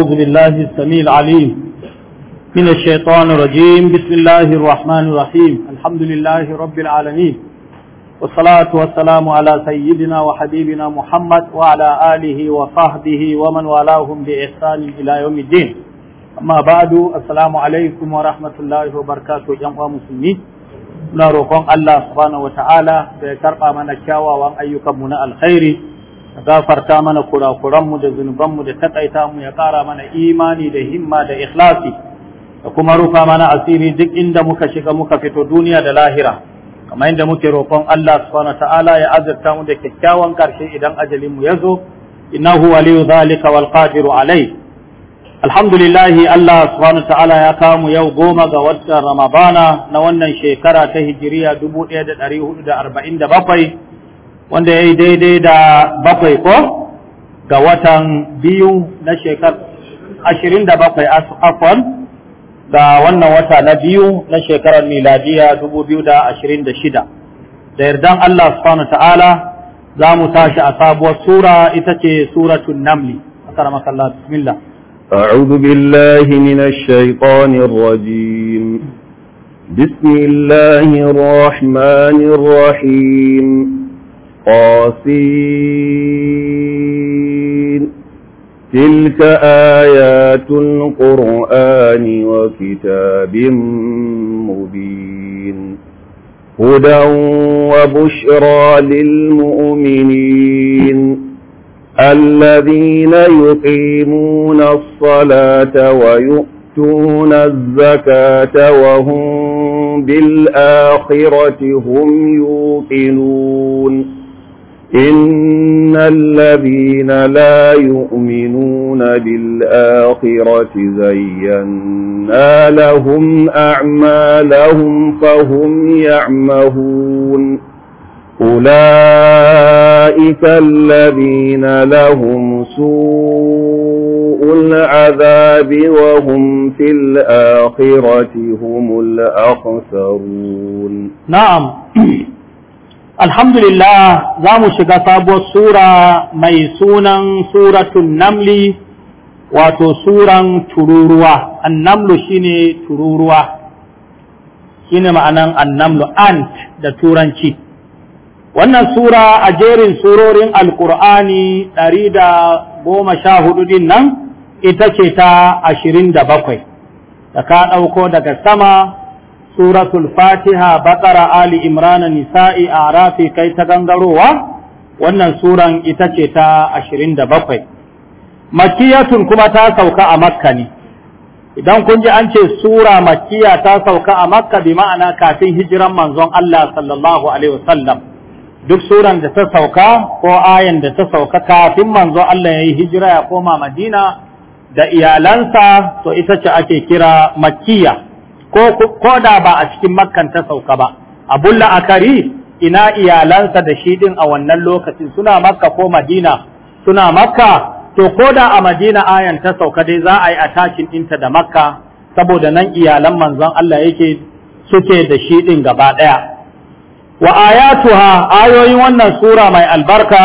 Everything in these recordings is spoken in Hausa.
أعوذ بالله السميع العليم من الشيطان الرجيم بسم الله الرحمن الرحيم الحمد لله رب العالمين والصلاة والسلام على سيدنا وحبيبنا محمد وعلى آله وصحبه ومن والاهم بإحسان إلى يوم الدين أما بعد السلام عليكم ورحمة الله وبركاته جمع مسلمين نروقون الله سبحانه وتعالى بكرقى من الشاوى وأن أيكم من الخير gafarta mana kurakuranmu da zunubanmu da takaita mu ya ƙara mana imani da himma da ikhlasi da kuma rufa mana asiri duk inda muka shiga muka fito duniya da lahira kamar inda muke roƙon Allah subhanahu ta'ala ya azurta mu da kyakkyawan ƙarshe idan ajalin mu yazo innahu waliyu zalika wal qadiru alai alhamdulillah Allah subhanahu ta'ala ya kamu yau goma ga watan Ramadana na wannan shekara ta hijiriya 1447 wanda ya yi daidai da bakwai ko ga watan biyu na shekar ashirin da bakwai afon ga wannan wata na biyu na shekarar miladiya dubu biyu da ashirin da shida da yardan Allah subhanahu ta'ala za mu tashi a sabuwar sura ita ce suratun namli akara masallah bismillah أعوذ بالله من الشيطان الرجيم بسم الله الرحمن الرحيم قاسين تلك آيات القرآن وكتاب مبين هدى وبشرى للمؤمنين الذين يقيمون الصلاة ويؤتون الزكاة وهم بالآخرة هم يوقنون إن الذين لا يؤمنون بالآخرة زينا لهم أعمالهم فهم يعمهون أولئك الذين لهم سوء العذاب وهم في الآخرة هم الأخسرون نعم alhamdulillah za mu shiga sabuwar sura mai sunan suratun namli wato suran tururuwa annamlu shine tururuwa shine ma'anan annamlu ant da turanci wannan sura a jerin surorin alkur'ani ɗari da goma sha hudu din nan ita ce ta ashirin da bakwai da ka ɗauko daga sama suratul fatiha bakara ali imrana nisa'i arafi kai ta gangarowa wannan suran ita ce ta ashirin da bakwai kuma ta sauka a makka ne idan kun ji an ce sura makkiya ta sauka a makka bi ma'ana kafin hijiran manzon Allah sallallahu alaihi wasallam duk suran da ta sauka ko ayan da ta sauka kafin manzo Allah ya yi hijira ya koma Madina da iyalansa to ita ce ake kira makkiya ko ko da ba a cikin makkan ta sauka ba abulla akari ina iyalansa da shi din a wannan lokacin suna makka ko madina suna makka to ko da a madina ayan ta sauka dai za a yi attachin ɗinta da makka saboda nan iyalan manzon Allah yake suke da shi din gaba ɗaya wa ayatuha ayoyin wannan sura mai albarka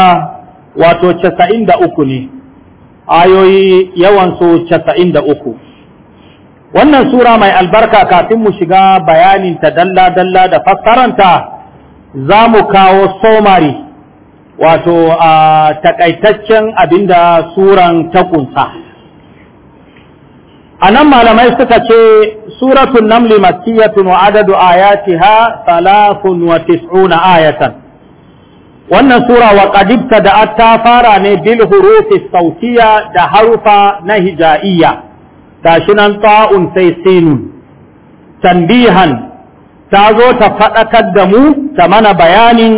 wato 93 ne ayoyi yawan su 93 wannan sura mai albarka kafin mu shiga bayaninta dalla-dalla da fassaranta za mu kawo somari wato a takaitaccen abinda suran ta kunsa a nan malamai suka ce suratun namli makiyatun wa adadu ayatiha salafun wa tis'una ayatan wannan sura wa qadibta da ta fara ne bil hurufi sautiya da harufa na hija'iyya gashi nan ta'un sai sinun tambihan ta zo ta faɗakar da mu ta mana bayanin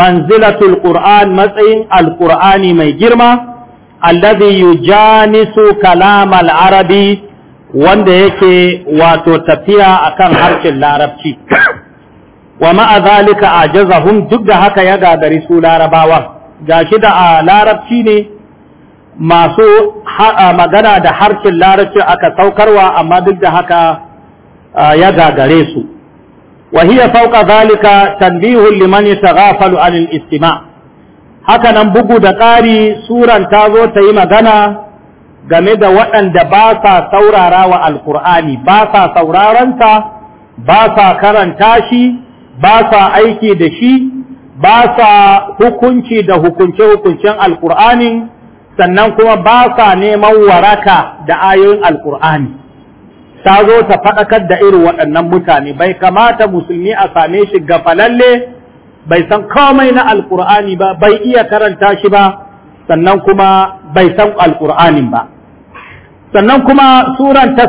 manzilatul qur'an matsayin alqur'ani mai girma alladhi yujanisu kalam al-arabi wanda yake wato tafiya akan harshen larabci wa ma'a zalika ajazahum duk da haka ya gagari su larabawa gashi da a larabci ne masu magana da harshen larabci aka saukarwa amma duk da haka ya gagare su wa ya sauka zalika tanbihun liman yataghafalu anil istima' haka nan bugu da ƙari suran ta zo ta yi magana game da waɗanda ba sa saurara wa alkur'ani ba sa sauraranta ba sa karanta shi ba sa aiki da shi ba sa hukunci da hukunce-hukuncen alkur'anin sannan kuma ba sa neman waraka da ayoyin alkur'ani ta zo ta faɗakar da irin waɗannan mutane bai kamata musulmi a same shi ga falalle bai san komai na alkur'ani ba bai iya karanta shi ba sannan kuma bai san alkur'anin ba sannan kuma suran ta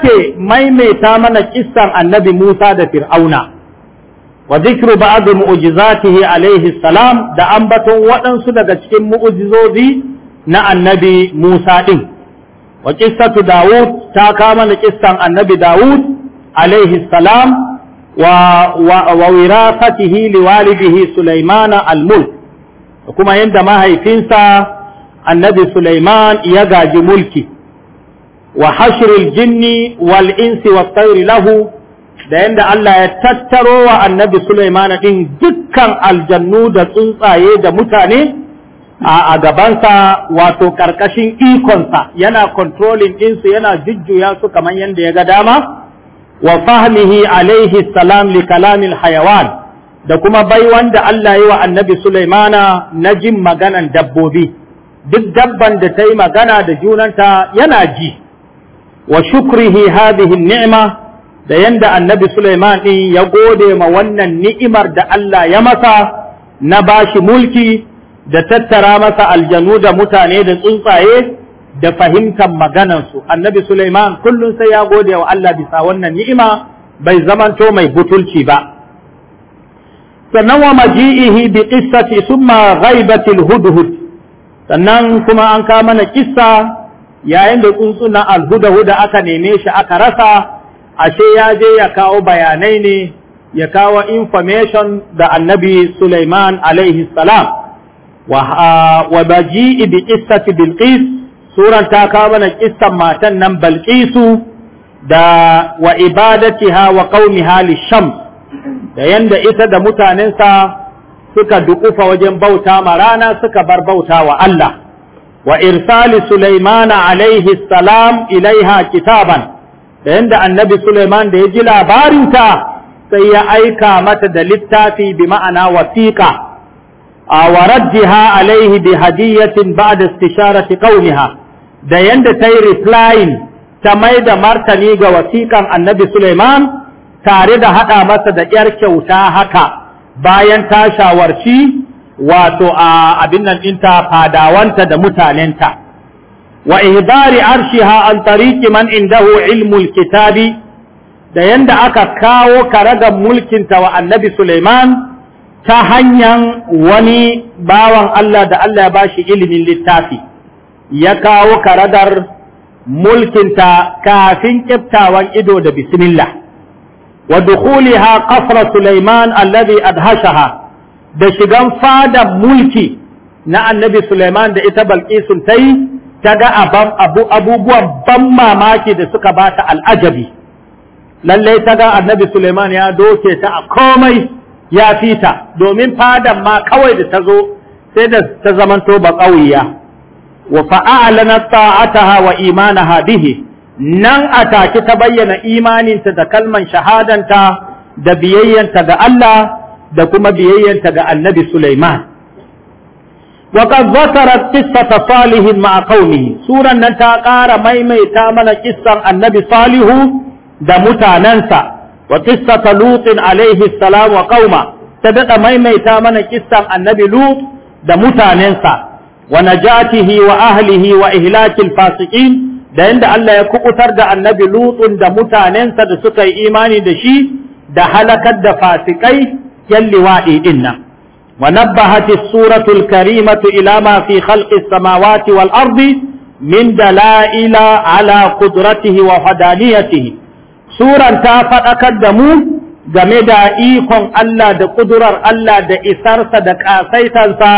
sake maimaita mana kissan annabi musa da fir'auna wa zikru ba'd mu'jizatihi alayhi salam da ambaton waɗansu daga cikin mu'jizozi na annabi Musa ɗin. Wa ƙistatu Dawud ta kama da ƙistan annabi Dawud alaihi salam wa wirasatihi liwalidihi Sulaimana al da kuma yadda mahaifinsa annabi Sulaiman ya gaji mulki wa hashril jinni wal insi was tayri lahu da yadda Allah ya tattaro wa annabi Sulaiman ɗin dukkan aljannu da tsuntsaye da mutane a gabansa wato ƙarƙashin ikonsa yana kontrolin ɗinsu yana jujjuya su kamar yadda ya ga dama wa fahmihi alaihi salam li kalamil hayawan da kuma bai wanda Allah yi wa annabi Sulaimana na jin maganan dabbobi duk dabban da ta yi magana da junanta yana ji wa shukrihi hadhihi ni'ma da yanda annabi Sulaiman ya gode ma wannan ni'imar da Allah ya masa na bashi mulki da tattara masa aljanu da mutane da tsuntsaye da fahimtar maganansu annabi Sulaiman kullum sai ya gode wa Allah bisa wannan ni'ima bai zamanto mai butulci ba sannan wa maji'ihi bi qissati summa ghaibatil hudhud sannan kuma an ka mana kissa yayin da tsuntsunan alhudahud aka neme shi aka rasa ashe ya je ya kawo bayanai ne ya kawo information da annabi Sulaiman alaihi salam wa baji bi qissati bilqis suran ta kawo mana kissan matan nan balqisu da wa ibadatiha wa qaumiha lisham da yanda ita da mutanensa suka dukufa wajen bauta ma rana suka bar bauta wa Allah wa irsali sulaimana alaihi salam ilaiha kitaban da yanda annabi Sulaiman da ya ji labarinta sai ya aika mata da littafi bi ma'ana wasiƙa wa raddiha alaihi bi hadiyatin ba'da istisharati qaumiha da yanda ta yi replying ta mai da martani ga wasiƙan annabi Suleiman tare da haɗa masa da ƴar kyauta haka bayan ta shawarci wato a abin nan ɗinta fadawanta da mutanenta wa ihbari arshiha an tariki man indahu ilmul kitabi da yanda aka kawo karagar mulkinta wa annabi Suleiman ta hanyar wani bawan Allah da Allah ya bashi ilimin littafi ya kawo karadar mulkinta kafin kyaftawan ido da bismillah wa dukhuliha qasra Sulaiman alladhi adhashaha da shigan fadan mulki na annabi Sulaiman da ita Balkisun ta yi ta ga abubuwan ban mamaki da suka ba ta al'ajabi lallai ta ga annabi Sulaiman ya doke ta a komai ya fita domin fadan ma kawai da ta zo sai da ta zamanto ba ƙauya wa fa'alana ta'ataha wa imanaha bihi nan a take ta bayyana imaninta da kalman shahadanta da biyayyanta ga Allah da kuma biyayyanta ga annabi Sulaiman. Wa qad zakarat qissata Salih ma'a qaumihi suran nan ta ƙara maimaita mana kissan annabi Salihu da mutanansa وقصه لوط عليه السلام وقومه تبقى ميميتا من قصه النبي لوط ده ونجاته واهله واهلاك الفاسقين ده الله يكوثر النبي لوط ده متانينسا ده سكاي ايماني ده شي ده هلك ده ونبهت السورة الكريمة إلى ما في خلق السماوات والأرض من دلائل على قدرته وفدانيته suran ta faɗakar da mu game da ikon Allah da ƙudurar Allah da isarsa da ƙasaitansa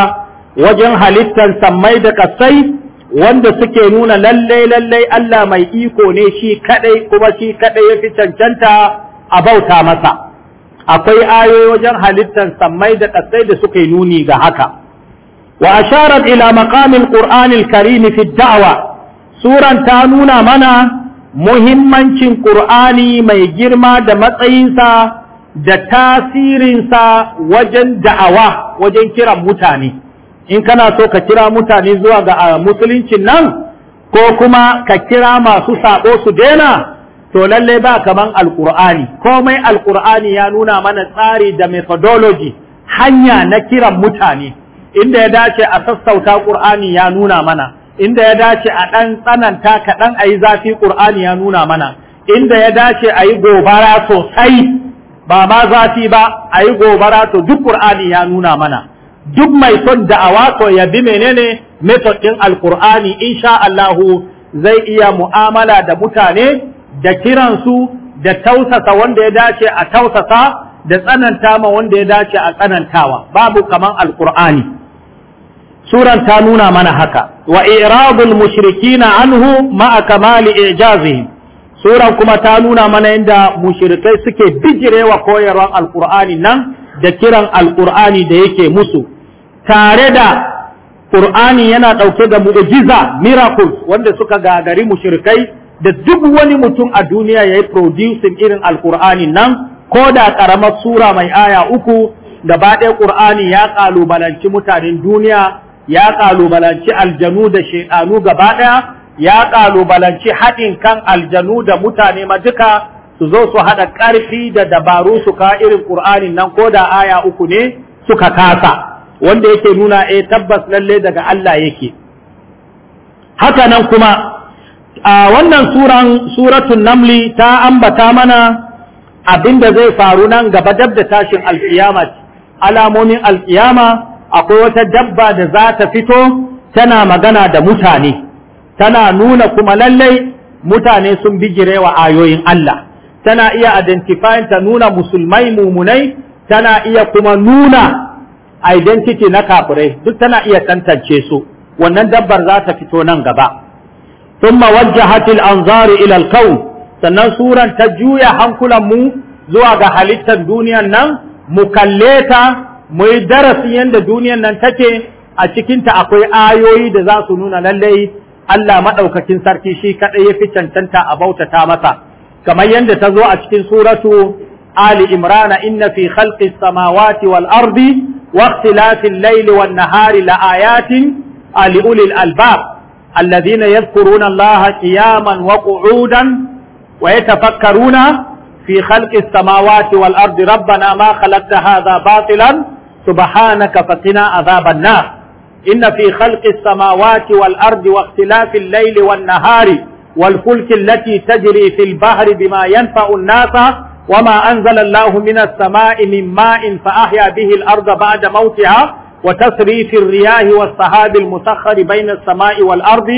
wajen halittar sammai da ƙasai wanda suke nuna lallai lallai Allah mai iko ne shi kaɗai kuma shi kaɗai ya fi cancanta a bauta masa akwai ayoyi wajen halittar sammai da ƙasai da suke nuni ga haka wa asharar ila maqamil ƙur'anil karim fi da'awa suran ta nuna mana muhimmancin ƙur'ani mai girma da matsayinsa da tasirinsa wajen da'awa wajen kiran mutane in kana so ka kira mutane zuwa ga musuluncin nan ko kuma ka kira masu saɓo su daina to lallai ba kaman alƙur'ani komai alƙur'ani ya nuna mana tsari da methodology hanya na kiran mutane inda ya dace a sassauta ƙur'ani ya nuna mana inda ya dace a ɗan tsananta kaɗan a yi zafi ƙur'ani ya nuna mana inda ya dace a yi gobara sosai ba ma zafi ba a yi gobara to duk ƙur'ani ya nuna mana duk mai son da'awa to ya bi menene method ɗin alƙur'ani insha Allahu zai iya mu'amala da mutane da kiransu da tausasa wanda ya dace a tausasa da tsananta ma wanda ya dace a tsanantawa babu kaman alƙur'ani suran ta nuna mana haka wa iradul mushrikina anhu ma'a kamali ijazihim suran kuma ta nuna mana yadda mushrikai suke bijirewa koyarwar alqur'ani nan da kiran alqur'ani da yake musu tare da qur'ani yana dauke da mu'jiza miracle wanda suka gagari mushrikai da duk wani mutum a duniya yayi producing irin alqur'ani nan ko da karamar sura mai aya uku gaba ɗaya ƙur'ani ya kalubalanci mutanen duniya ya ƙalubalanci aljanu da shaidanu gaba daya ya ƙalubalanci haɗin kan aljanu da mutane ma duka su zo su haɗa ƙarfi da dabaru su ka irin ƙur'anin nan ko da aya uku ne suka kasa wanda yake nuna e tabbas lalle daga Allah yake haka nan kuma a wannan suran suratul namli ta ambata mana abinda zai faru nan gaba dab da tashin alkiyama alamomin alkiyama akwai wata dabba da za ta fito tana magana da mutane tana nuna kuma lallai mutane sun bijirewa ayoyin Allah tana iya identifying ta nuna musulmai mumunai tana iya kuma nuna identity na kafirai duk tana iya tantance su wannan dabbar za ta fito nan gaba thumma wajjahat al-anzar ila al sannan suran ta juya hankulan mu zuwa ga halittar duniyan nan mu kalle ta mu yi darasin yadda duniyan nan take a cikinta akwai ayoyi da za su nuna lallai Allah maɗaukakin sarki shi kaɗai ya fi cancanta a bautata masa kamar yadda ta zo a cikin suratu Ali Imran inna fi khalqi samawati wal ardi wa ikhtilafil layli wan nahari la ayatin ali ulil albab alladhina yadhkuruna Allah qiyaman wa qu'udan fi في samawati wal والأرض rabbana ma خلقت هذا batilan سبحانك فقنا عذاب النار إن في خلق السماوات والأرض واختلاف الليل والنهار والفلك التي تجري في البحر بما ينفع الناس وما أنزل الله من السماء من ماء فأحيا به الأرض بعد موتها وتصريف الرياح والصحاب المسخر بين السماء والأرض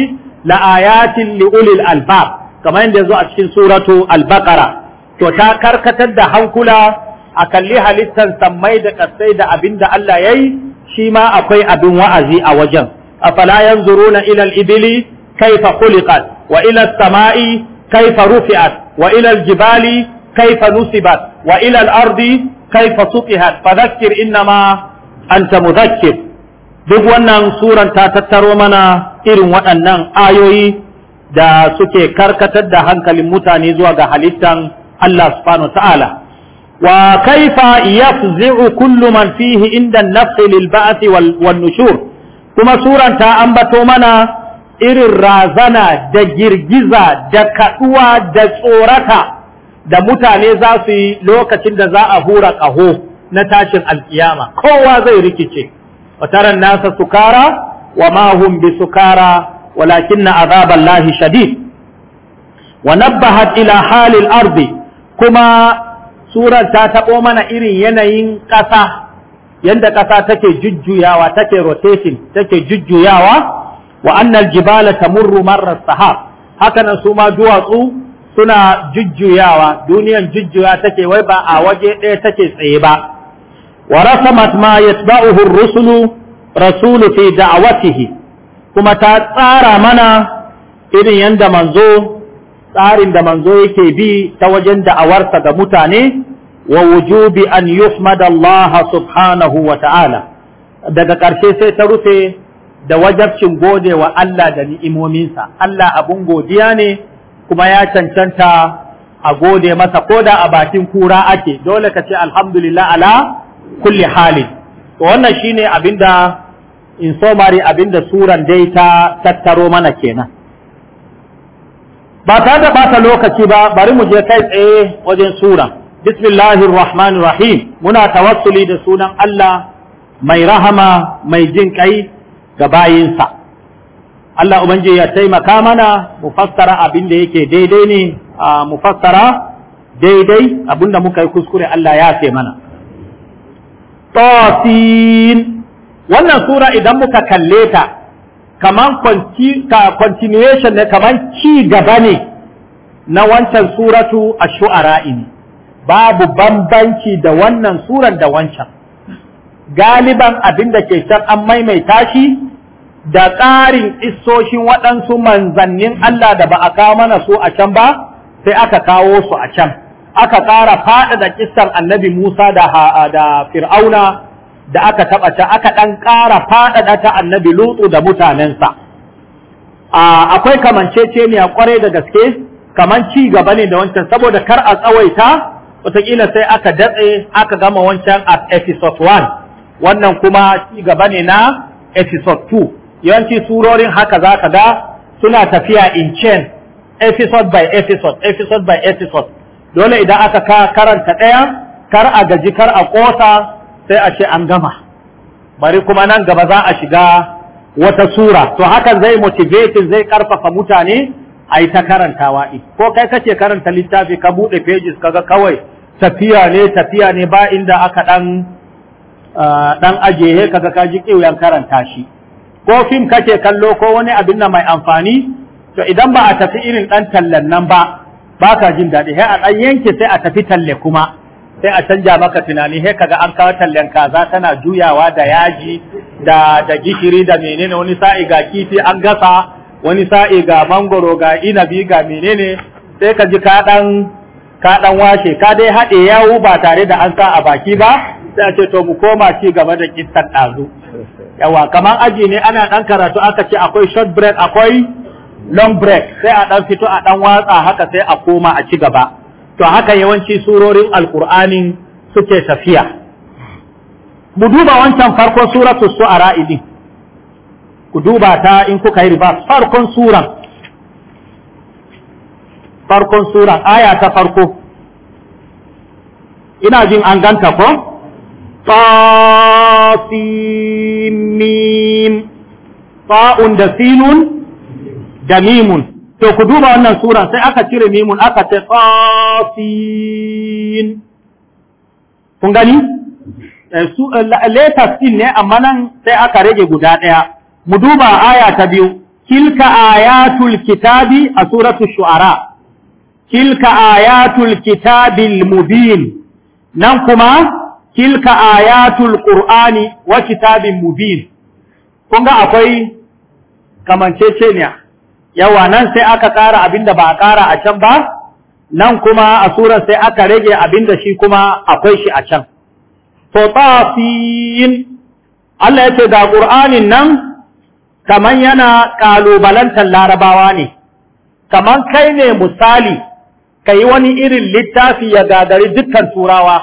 لآيات لأولي الألباب كما يندزو أشكين سورة البقرة to كتد karkatar a kalli halittar sammai da kasai da abin da Allah ya yi shi ma akwai abin wa'azi a wajen A yanzuruna ila ilal ibili kaifa khuliqat wa ila samai kaifa rufi'at wa jibali kaifa nusibat wa ila al-ardi kaifa suqihat fadhakkir innama anta mudhakkir duk wannan suran ta tattaro mana irin waɗannan ayoyi da suke karkatar da hankalin mutane zuwa ga halittan Allah subhanahu ta'ala وكيف يفزع كل من فيه عند النفس للبعث والنشور kuma suran ta ambato mana irin razana da girgiza da kaduwa da tsorata da mutane za su yi lokacin da za a hura ƙaho na tashin alkiyama kowa zai rikice wataran nasa sukara wa mahum bi sukara walakin na azaballahi shadid wa nabbahat ila halil ardi kuma surar ta taɓo mana irin yanayin ƙasa yadda ƙasa take jujjuyawa take rotation take jujjuyawa wa annal jibala tamurru marra sahab haka nan su ma duwatsu suna jujjuyawa duniyan jujjuya take wai ba a waje ɗaya take tsaye ba wa rasamat ma yatba'uhu ar-rusulu rasulu fi da'watihi kuma ta tsara mana irin yanda manzo tsarin da manzo yake bi ta wajen da'awarsa ga mutane ووجوب أن يحمد الله سبحانه وتعالى daga ƙarshe sai ta rufe da wajabcin gode wa Allah da ni'imominsa Allah abun godiya ne kuma ya cancanta a gode masa ko da a bakin kura ake dole ka ce alhamdulillah ala kulli halin to wannan shine abinda in somari abinda suran dai ta tattaro mana kenan ba ta da bata lokaci ba bari mu je kai tsaye wajen suran bismillahir rahmanir rahim muna tawassuli da sunan Allah mai rahama mai jin kai ga bayinsa Allah ubangiji ya taimaka mana mu fassara abin da yake daidai ne mu fassara daidai abinda muka yi kuskure Allah ya ce mana Tosin wannan sura idan muka kalle ta kaman continuation ne kaman ci gaba ne na wancan suratu a shuara ne babu bambanci da wannan suran da wancan galiban abin da ke can an maimaita shi da ƙarin isoshin waɗansu manzannin Allah da ba a kawo mana su a can ba sai aka kawo su a can aka ƙara faɗaɗa kistan annabi Musa da da Fir'auna da aka taɓa can aka ɗan ƙara faɗaɗa ta annabi Lutu da mutanensa akwai kamanceceniya ƙware da gaske kaman ci gaba ne da wancan saboda kar a tsawaita wataƙila sai aka datse aka gama wancan a episode 1 wannan kuma ci gaba ne na episode 2 yawanci surorin haka za ka ga suna tafiya in chain episode by episode episode by episode dole idan aka karanta ɗaya kar a gaji kar a ƙosa sai a ce an gama bari kuma nan gaba za a shiga wata sura to hakan zai motivating zai karfafa mutane a yi ta karantawa ko kai kace karanta littafi ka buɗe pages kaga kawai tafiya ne tafiya ne ba inda aka dan dan aje kaga ka ji kiwayen karanta shi ko fim kake kallo ko wani abin nan mai amfani to idan ba a tafi irin dan tallan nan ba ba ka jin daɗi he a dan yanke sai a tafi talle kuma sai a canja maka tunani he kaga an kawo tallen kaza tana juyawa da yaji da da gishiri da menene wani sa'i ga kifi an gasa wani sa'i ga mangoro ga inabi ga menene sai ka ji ka dan ka dan washe ka dai haɗe yawo ba tare da an sa a baki ba sai a ce to mu koma ci gaba da kistan ɗazu yawa kamar aji ne ana ɗan karatu aka ce akwai short break akwai long break sai a ɗan fito a ɗan watsa haka sai a koma a ci gaba to haka yawanci surorin alqur'anin suke tafiya mu duba wancan farkon suratul su'ara idin ku duba ta in kuka yi riba farkon suran farkon sura aya ta farko ina jin an ganta ko tasimim fa'un da sinun da mimun to ku duba wannan sura sai aka cire mimun aka ce tasin kun gani eh, eh, letas din ne amma nan sai aka rage guda ɗaya mu duba aya ta biyu tilka ayatul kitabi a suratul shu'ara tilka ayatul kitabil mubin nan kuma tilka ayatul qur'ani wa kitabin mubin kun ga akwai kamanceceniya yawa nan sai aka kara abinda ba a kara a can ba nan kuma a sura sai aka rage abinda shi kuma akwai shi a can to tafin Allah ya ce ga qur'anin nan kaman yana kalubalantar larabawa ne kaman kai ne misali ka yi wani irin littafi ya gagari dukkan turawa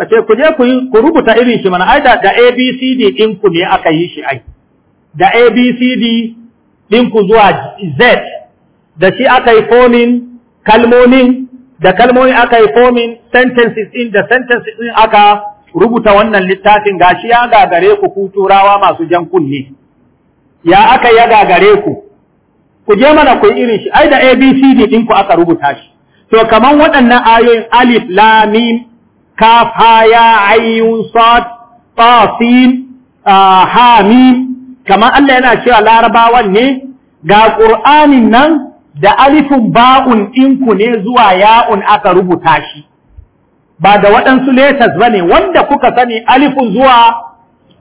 ka ce ku je ku rubuta irin shi mana ai da abcd ɗinku ne aka yi shi ai da abcd ɗinku zuwa z da shi aka yi fomin kalmomin da kalmomin aka yi fomin sentences ɗin da sentences ɗin aka rubuta wannan littafin gashi ya gagare ku ku turawa masu jan kunne ya aka ya gagare ku ku je mana ku irin shi ai da abcd ɗinku aka rubuta shi to kaman waɗannan ayoyin alif lam mim kaf ha ya ayyun sad ta sin ha mim kaman Allah yana cewa larabawan ne ga qur'anin nan da alifun ba'un ɗinku ne zuwa ya'un aka rubuta shi, ba da waɗansu letas ba ne wanda kuka sani alifun zuwa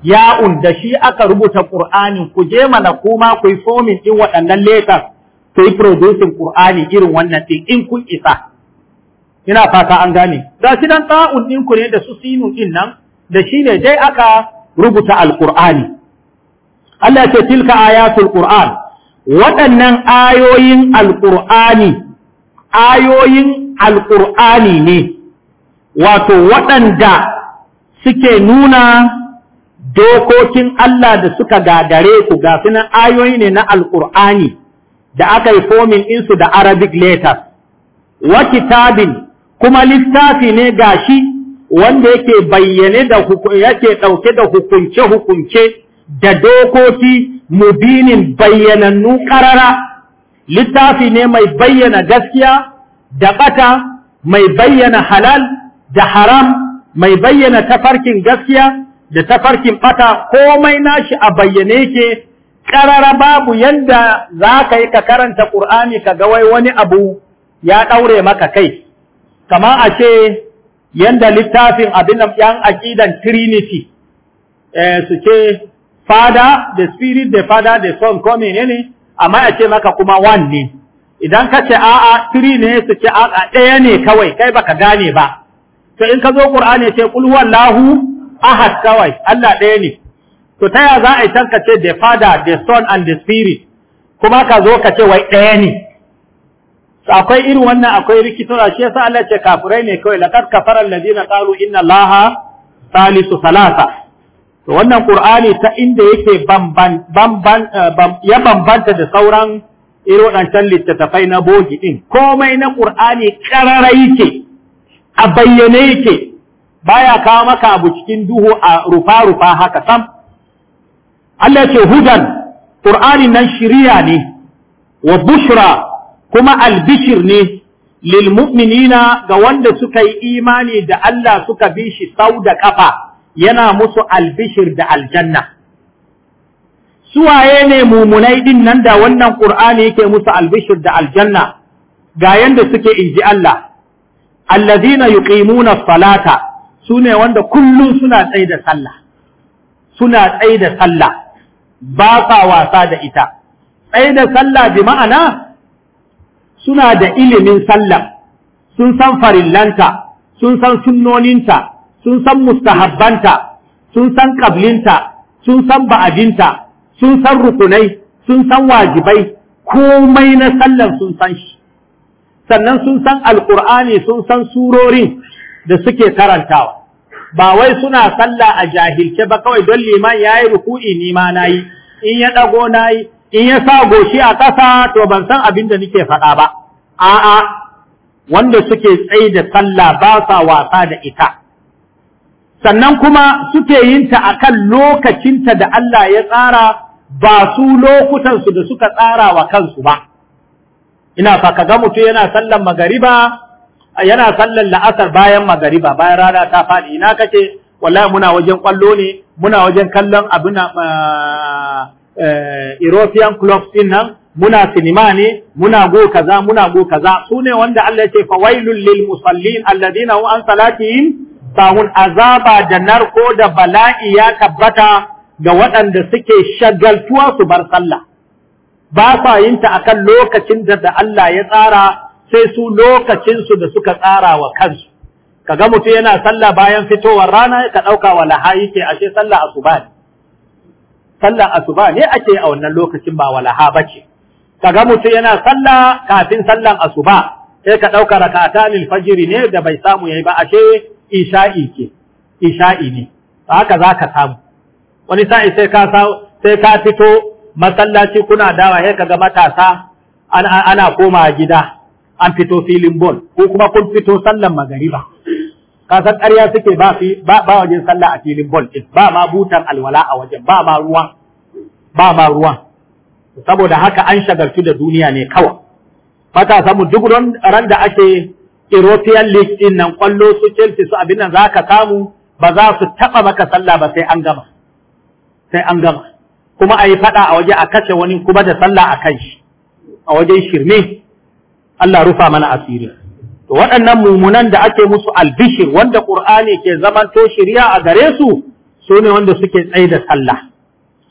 ya'un da shi aka rubuta ƙur'anin ku je mana kuma ku yi fomin ɗin waɗannan letters sai yi producing Qur'ani irin wannan ɗin in kun isa. Ina fata an gane. Ga shi nan ɗa'un ɗinku ne da su sinu ɗin nan, da shi ne dai aka rubuta Al-Qur'ani. Allah ce tilka ayatul Qur'an. Waɗannan ayoyin Al-Qur'ani, ayoyin Al-Qur'ani ne, wato waɗanda suke nuna dokokin Allah da suka gagare ku ga ayoyi ne na Alƙur'ani da aka yi fomin insu da Arabic letters, wa kitabin kuma littafi ne ga shi wanda yake bayyane da yake ɗauke da hukunce-hukunce da dokoki mubinin bayyanannu ƙarara, littafi ne mai bayyana gaskiya da ɓata, mai bayyana halal da haram, mai bayyana tafarkin gaskiya da tafarkin ɓata, komai nashi a bayyane ke karara babu yadda za ka yi ka karanta ƙur'ani ka ga wai wani abu ya ɗaure maka kai kama a ce yanda littafin abin yan aƙidan trinity eh, su ce fada the spirit the father the son ko menene amma a ce maka kuma one ne idan ka ce a'a three ne suke ce a'a ɗaya ne kawai kai baka gane ba to in ka zo ƙur'ani ce qul ahad kawai Allah ɗaya ne to ta ya za a yi can ka ce the father the son and the spirit kuma ka zo ka ce wai ɗaya ne akwai irin wannan akwai rikitura shi yasa Allah ce kafirai ne kawai laqad kafara alladhina qalu inna allaha salisu salasa to wannan qur'ani ta inda yake bamban bamban eh, ya bambanta da sauran irin wadancan littattafai na bogi din komai na qur'ani karara yake a bayyane yake baya kawo maka abu cikin duhu a rufa rufa haka sam Allah ce hudan Qur'anin nan shirya ne wa bushra kuma albishir ne lil mu'minina ga wanda suka yi imani da Allah suka bi shi sau da kafa yana musu albishir da aljanna suwaye ne mumunai din nan da wannan ƙur'ani yake musu albishir da aljanna ga yanda suke inji Allah allazina yuqimuna salata sune wanda kullum suna tsaye da sallah suna tsaye da sallah ba sa wasa da ita tsaye da sallah bi ma'ana suna da ilimin sallah sun san farillanta sun san sunnoninta sun san mustahabbanta sun san kablinta sun san ba'adinta sun san rukunai sun san wajibai komai na sallan sun san shi sannan sun san alkur'ani sun san surorin da suke karantawa ba wai suna sallah a jahilce ba kawai don liman ya yi ruku'i ni ma na yi in ya ɗago na yi in ya sa goshi a ƙasa to ban san abin da nake faɗa ba a'a wanda suke tsaye da sallah ba sa wasa da ita sannan kuma suke yin ta akan lokacinta da Allah ya tsara ba su lokutansu da suka tsara wa kansu ba ina fa kaga mutum yana sallan magariba yana sallar la'asar bayan magariba bayan rana ta faɗi ina kace wallahi muna wajen kwallo ne muna wajen kallon abin eh, eh, European clubs din nan muna sinima ne muna go kaza muna go kaza su ne wanda Allah ya ce fawailul lil musallin alladina hum an salatihim sahun azaba da narko da bala'i ya tabbata ga waɗanda suke shagaltuwa su bar sallah ba sa yin ta akan lokacin da da Allah ya tsara sai su lokacinsu da suka tsara wa kansu ga mutum yana sallah bayan fitowar rana ka ɗauka wa laha yake ashe sallah asuba ne sallah asuba ne ake a wannan lokacin ba walaha Ka ga mutum yana sallah kafin sallan asuba sai ka ɗauka rakata lil fajiri ne da bai samu yayi ba ashe isha'i ke isha'i ne haka ka samu wani sa'i sai ka sai ka fito masallaci kuna dawa sai ga matasa ana koma gida an fito filin bol ko kuma kun fito sallan magariba ka san ƙarya suke ba ba wajen sallah a filin bol ba ma butan alwala a wajen ba ma ruwa ba ma ruwa saboda haka an shagaltu da duniya ne kawai matasa mu duk ran da ake European League din nan kwallo su Chelsea su abin nan zaka samu ba za su taba maka sallah ba sai an gama sai an gama kuma a yi faɗa a waje a kashe wani kuma da sallah a kan a wajen shirme Allah rufa mana asiri to waɗannan mumunan da ake musu albishir wanda ƙur'ani ke zamanto shirya a gare su sune wanda suke tsaye da sallah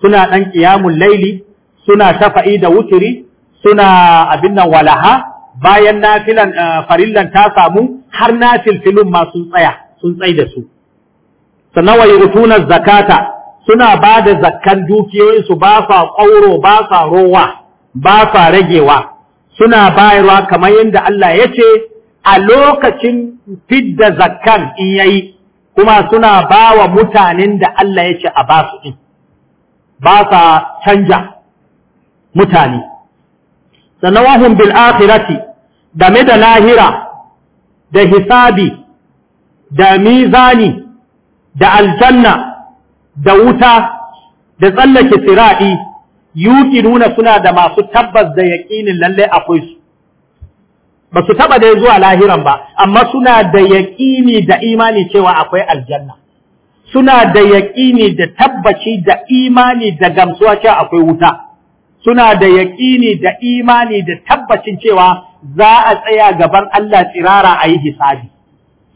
suna ɗan ƙiyamun laili suna shafa'i da wuturi suna abin nan walaha bayan nafilan eh, farillan ta samu har nafilfilun ma sun tsaya sun tsai da su sannan wa zakata suna ba da zakkan dukiyoyinsu su ba sa ƙauro ba sa rowa ba sa ragewa suna bayarwa kamar yadda Allah ya ce a lokacin fidda zakkan in yayi kuma suna ba wa mutanen da Allah ya ce a ba su ɗin ba sa canja mutane sannan wahun bil akhirati game da lahira da hisabi da mizani da aljanna da wuta da tsallake sira'i yuqinuna suna da masu tabbas da yaqinin lallai akwai su ba su taba dai zuwa lahiran ba amma suna da yaqini da imani cewa akwai aljanna suna da yaqini da tabbaci da imani da gamsuwa cewa akwai wuta suna da yaqini da imani da tabbacin cewa za a tsaya gaban Allah tsirara a yi hisabi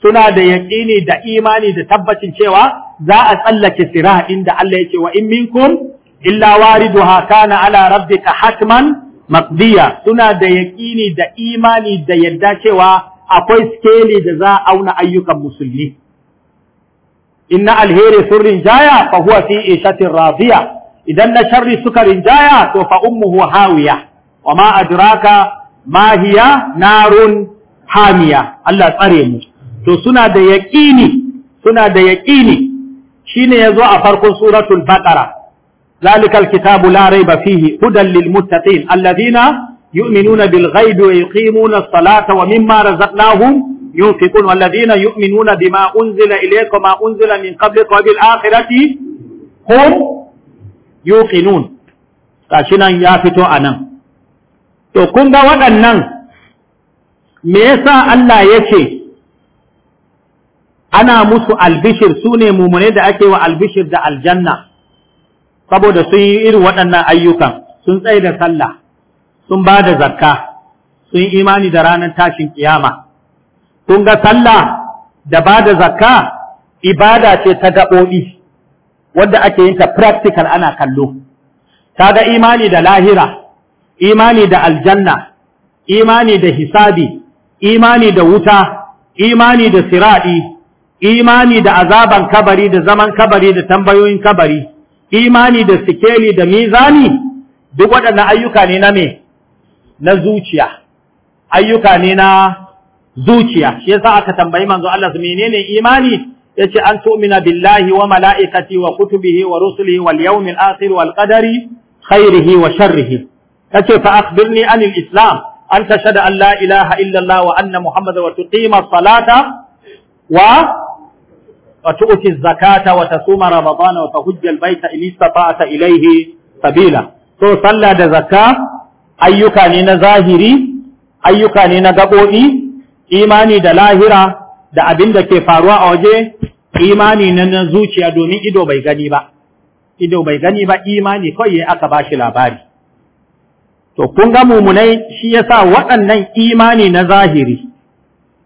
suna da yaqini da imani da tabbacin cewa za a tsallake sirah inda Allah yake wa in minkum illa wariduha kana ala rabbika hatman maqdiya suna da yaƙini da imani da yadda cewa akwai skeli da za a auna ayyukan musulmi inna alheri sun rinjaya fa huwa fi ishatin rafiya idan na sharri suka rinjaya to fa ummuhu hawiya wa ma adraka ma hiya narun hamiya Allah tsare mu to suna da yaƙini suna da yaqini shine yazo a farkon suratul baqara ذلك الكتاب لا ريب فيه هدى للمتقين الذين يؤمنون بالغيب ويقيمون الصلاة ومما رزقناهم ينفقون والذين يؤمنون بما أنزل إليك وما أنزل من قبلك وبالآخرة هم يوقنون kashinan ya fito a nan. To, kun ga waɗannan, me yasa Allah ya ce, ana musu albishir su mumune da ake wa albishir da aljanna, saboda sun yi irin waɗannan ayyukan sun tsaye da sallah sun ba da zakka sun yi imani da ranar tashin kiyama kun ga sallah da ba da zakka ibada ce ta gaɓoɓi wadda ake yin ta practical ana kallo ta ga imani da lahira imani da aljanna imani da hisabi imani da wuta imani da siraɗi imani da azaban kabari da zaman kabari da tambayoyin kabari imani da sikeli da mizani duk waɗannan ayyuka ne na me na zuciya ayyuka ne na zuciya shi yasa aka tambayi manzo Allah su menene imani yace an tu'mina billahi wa mala'ikati wa kutubihi wa rusulihi wal yawmil akhir wal qadari khairihi wa sharrihi kace fa akhbirni anil islam an tashhadu an la ilaha illa Allah wa anna muhammadar wa tuqima salata wa وتؤتي الزكاة وتصوم رمضان وتحج البيت إن استطعت إليه سبيلا تو صلى ده زكاة أيوكا نينا ظاهري أيوكا نينا قبوئي إيماني ده لاهرة ده أبن ده كفاروا أوجي إيماني ننزوك زوجي أدومي إدو بيغني با إدو بيغني با إيماني كوي أكباش لاباري تو كنغا مومني شيسا وأنن إيماني نظاهري imani na zahiri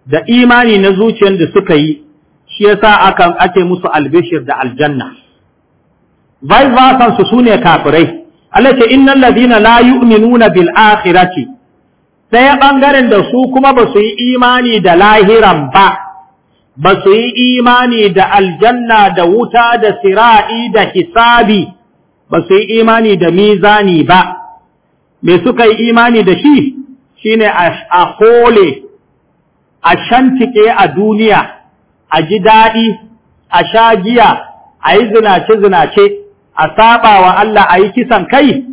da imani na zuciyar da suka yi shi yasa akan ake musu albishir da aljanna bai ba su sune kafirai Allah ce innal ladina la yu'minuna bil akhirati sai bangaren da su kuma ba su yi imani da lahiran ba ba su yi imani da aljanna da wuta da sira'i da hisabi ba su yi imani da mizani ba me suka yi imani da shi shine a hole a shantike a duniya a ji daɗi a sha giya a yi zinace-zinace a saba wa Allah a yi kisan kai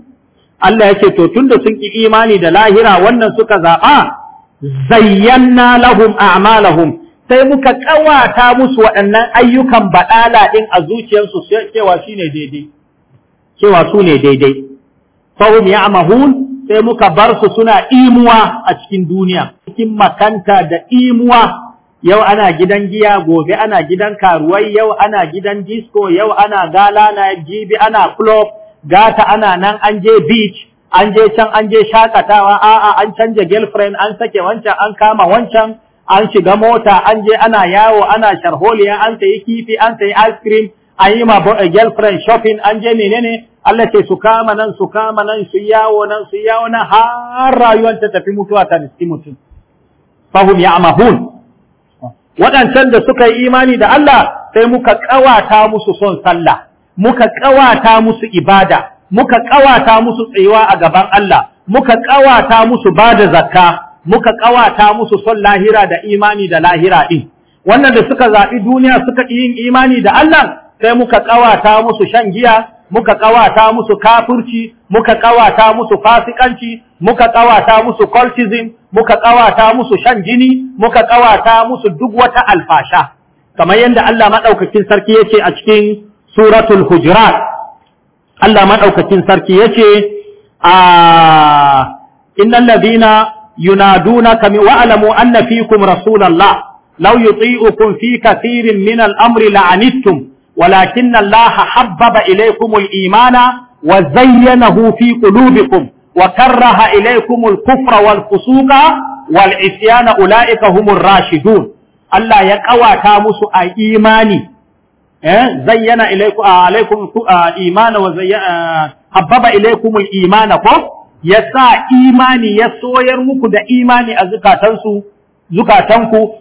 Allah ya ce to tunda sun ƙi imani da lahira wannan suka zaɓa zayyanna lahum a'malahum sai muka ƙawata musu waɗannan ayyukan baɗala ɗin a zuciyarsu cewa shi ne daidai cewa su ne daidai ya sai muka bar su suna imuwa a cikin duniya cikin makanta da imuwa yau ana gidan giya gobe ana gidan karuwai yau ana gidan disco yau ana gala na jibi ana club gata ana nan an je beach an je can an je shakatawa a'a an canja girlfriend an sake wancan an kama wancan an shiga mota an je ana yawo ana sharholiya an sayi kifi an sayi ice cream an yi ma eh, girlfriend shopping an je menene Allah ce su kama nan su kama nan su yawo nan su yawo nan har rayuwar ta tafi mutuwa ta nisti mutum fahum amahun waɗancan da suka yi imani da Allah sai muka ƙawata musu son sallah muka ƙawata musu ibada muka ƙawata musu tsayuwa a gaban Allah muka ƙawata musu ba da zakka muka ƙawata musu son lahira da imani da lahira ɗin wannan da suka zaɓi duniya suka yin imani da Allah sai muka ƙawata musu shan giya muka kawata musu kafurci, muka kawata musu fasikanci muka kawata musu cultism muka kawata musu shan jini muka kawata musu duk wata alfasha kamar yadda Allah madaukakin sarki yake a cikin suratul hujurat Allah madaukakin sarki yake a innal ladina yunadunaka wa'ala mu anna fikum rasulallah law yuti'ukum fi kathirin min al-amri la'anittum walakin Allah habbaba ilaykumul imana wa zayyanahu hufi qulubikum wa karraha ilaykumul kufra wal fusuqa wal isyana ulaika humur rashidun Allah ya kawata musu a imani eh zayyana ilaykum alaykum imana habbaba ilaykumul imana ko Ya sa imani ya soyar muku da imani a zukatanku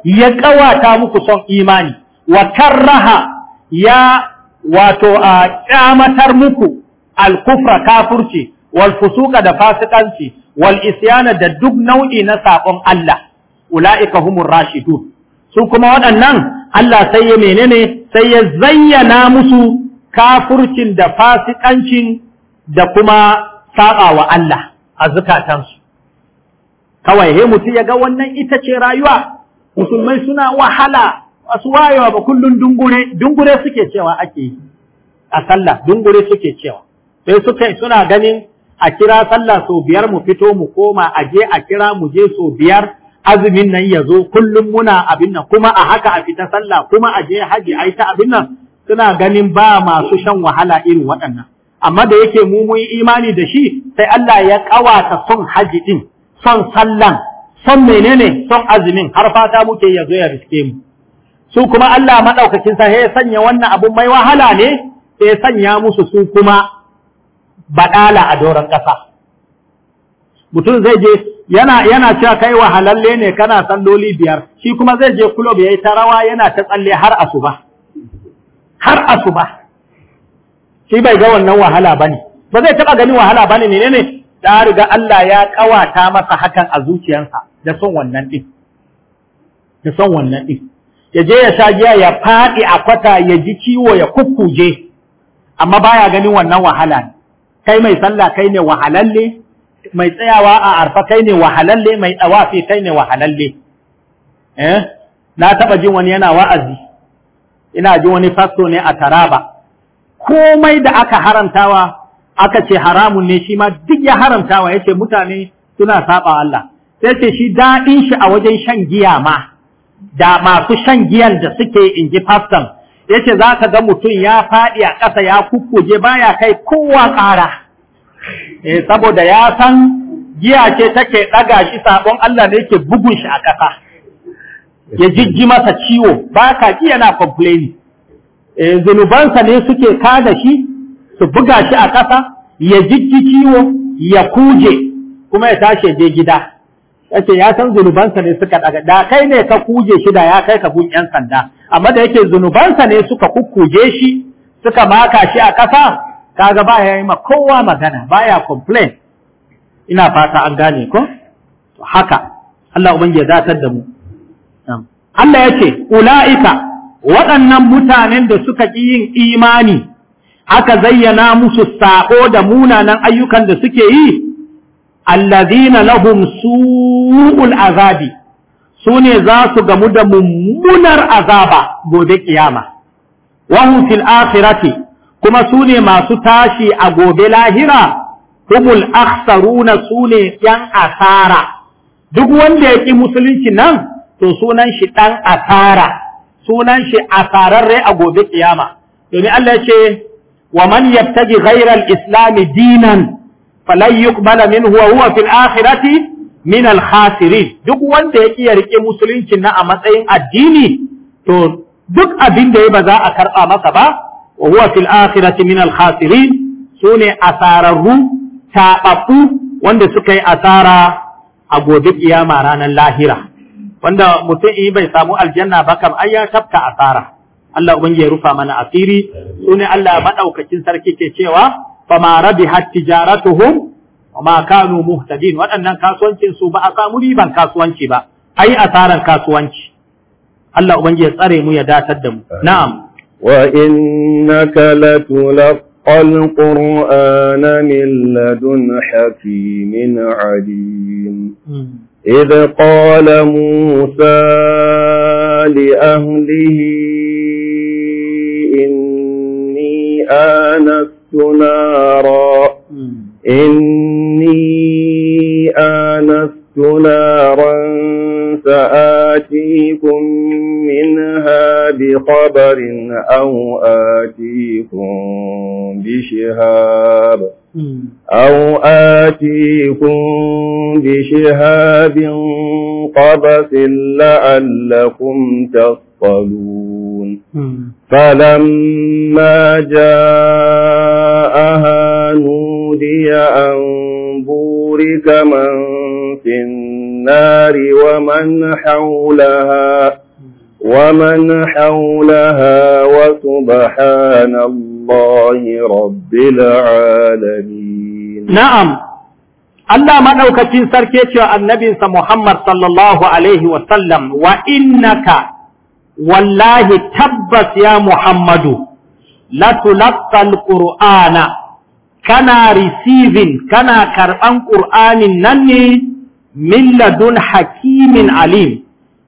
ya ƙawata muku son imani wa karraha ya wato a kyamatar muku al-kufra kafurci wal fusuka da fasikanci wal isyana da duk nau'i na sakon Allah ulaika humur rashidun su kuma waɗannan Allah sai ya menene sai ya zayyana musu kafurcin da fasikancin da kuma saba wa Allah a zukatansu kawai he mutum ya ga wannan ita ce rayuwa musulmai suna wahala wasu wayewa ba kullum dungure dungure suke cewa ake yi a sallah dungure suke cewa sai suka suna ganin a kira sallah sau biyar mu fito mu koma a je a kira mu je sau biyar azumin nan ya zo kullum muna abin nan kuma a haka a fita sallah kuma a je haji a ta abin nan suna ganin ba masu shan wahala irin waɗannan amma da yake mu mun imani da shi sai Allah ya kawata son haji din son sallan son menene son azumin har fata muke ya zo ya riske mu su kuma Allah maɗaukakin sa ya sanya wannan abun mai wahala ne ya sanya musu su kuma baɗala a doron ƙasa mutum zai je yana yana cewa kai wahalalle ne kana salloli biyar shi kuma zai je kulob ya yi ta rawa yana ta tsalle har asuba har asuba shi bai ga wannan wahala ba ne. ba zai taɓa gani wahala ba ne, ne ne. ta riga Allah ya ƙawata masa hakan a zuciyarsa da son wannan ɗin. da son wannan ɗin. ya je ya sha giya ya faɗi a kwata ya ji ciwo ya kukkuje amma baya ganin wannan wahala kai mai sallah kai ne wahalalle mai tsayawa a arfa kai ne wahalalle mai tsawafi kai ne wahalalle eh na taba jin wani yana wa'azi ina ji wani fasto ne a Taraba komai da aka haramtawa aka ce haramun ne shi ma duk ya haramtawa yace mutane suna saba Allah sai ce shi daɗin shi a wajen shan giya ma da masu shan giyan da suke in ji fastan yace za ka ga mutum ya faɗi a ƙasa ya kukkuje baya kai kowa ƙara eh saboda ya san giya ce take ɗaga shi sabon Allah ne yake bugun shi a ƙasa ya jijji masa ciwo ba ka ji yana complain eh zunubansa ne suke kada shi su buga shi a ƙasa ya jijji ciwo ya kuje kuma ya tashi je gida yace ya san zunubansa ne suka daga da kai ne ka kuje shi da ya kai ka gun yan sanda amma da yake zunubansa ne suka kukkuje shi suka maka shi a ƙasa kaga ba ya yi ma kowa magana baya complain ina fata an gane ko to haka Allah ubangiji ya zatar da mu Allah yace ulaika waɗannan mutanen da suka ƙi yin imani aka zayyana musu sako da munanan ayyukan da suke yi allazina lahum su'ul azabi su ne za su gamu da mummunar azaba gobe kiyama wahum fil akhirati kuma su ne masu tashi a gobe lahira humul akhsaruna su ne yan asara duk wanda ya ƙi musulunci nan to sunan shi dan asara sunan shi asararre a gobe kiyama domin Allah ya ce wa man yabtaji ghayra al-islam dinan Falayyuk yuqbala minhu wa huwa fil akhirati min al khasirin duk wanda ya iya riƙe musulunci na a matsayin addini to duk abin da ya ba za a karba masa ba wa huwa fil akhirati min al khasirin sune asararru tababbu wanda suka yi asara a gobe kiyama ranar lahira wanda mutum in bai samu aljanna ba kam ai ya tafka asara Allah ubangi ya rufa mana asiri sune Allah madaukakin sarki ke cewa فما ربحت تجارتهم وما كانوا مهتدين وأن كاسوان تنسو با أقاموا ليبا كاسوان تبا أي اثار كاسوان تبا الله أبنجي يسأري مو يدا تدم آه. نعم وإنك لتلقى القرآن من لدن حكيم عليم إذ قال موسى لأهله إني آنست نارا إني آنست نارا سآتيكم منها بخبر أو آتيكم بشهاب أو آتيكم بشهاب قبس لعلكم تصطلون فلما جاءها نودي أن بورك من في النار ومن حولها ومن حولها وسبحان الله رب العالمين نعم الله ما نوكا تنسر كيتشو النبي صلى الله عليه وسلم وإنك wallahi tabbas ya Muhammadu la tulaqqal qur'ana kana receiving kana karban qur'anin nan ne min ladun hakimin alim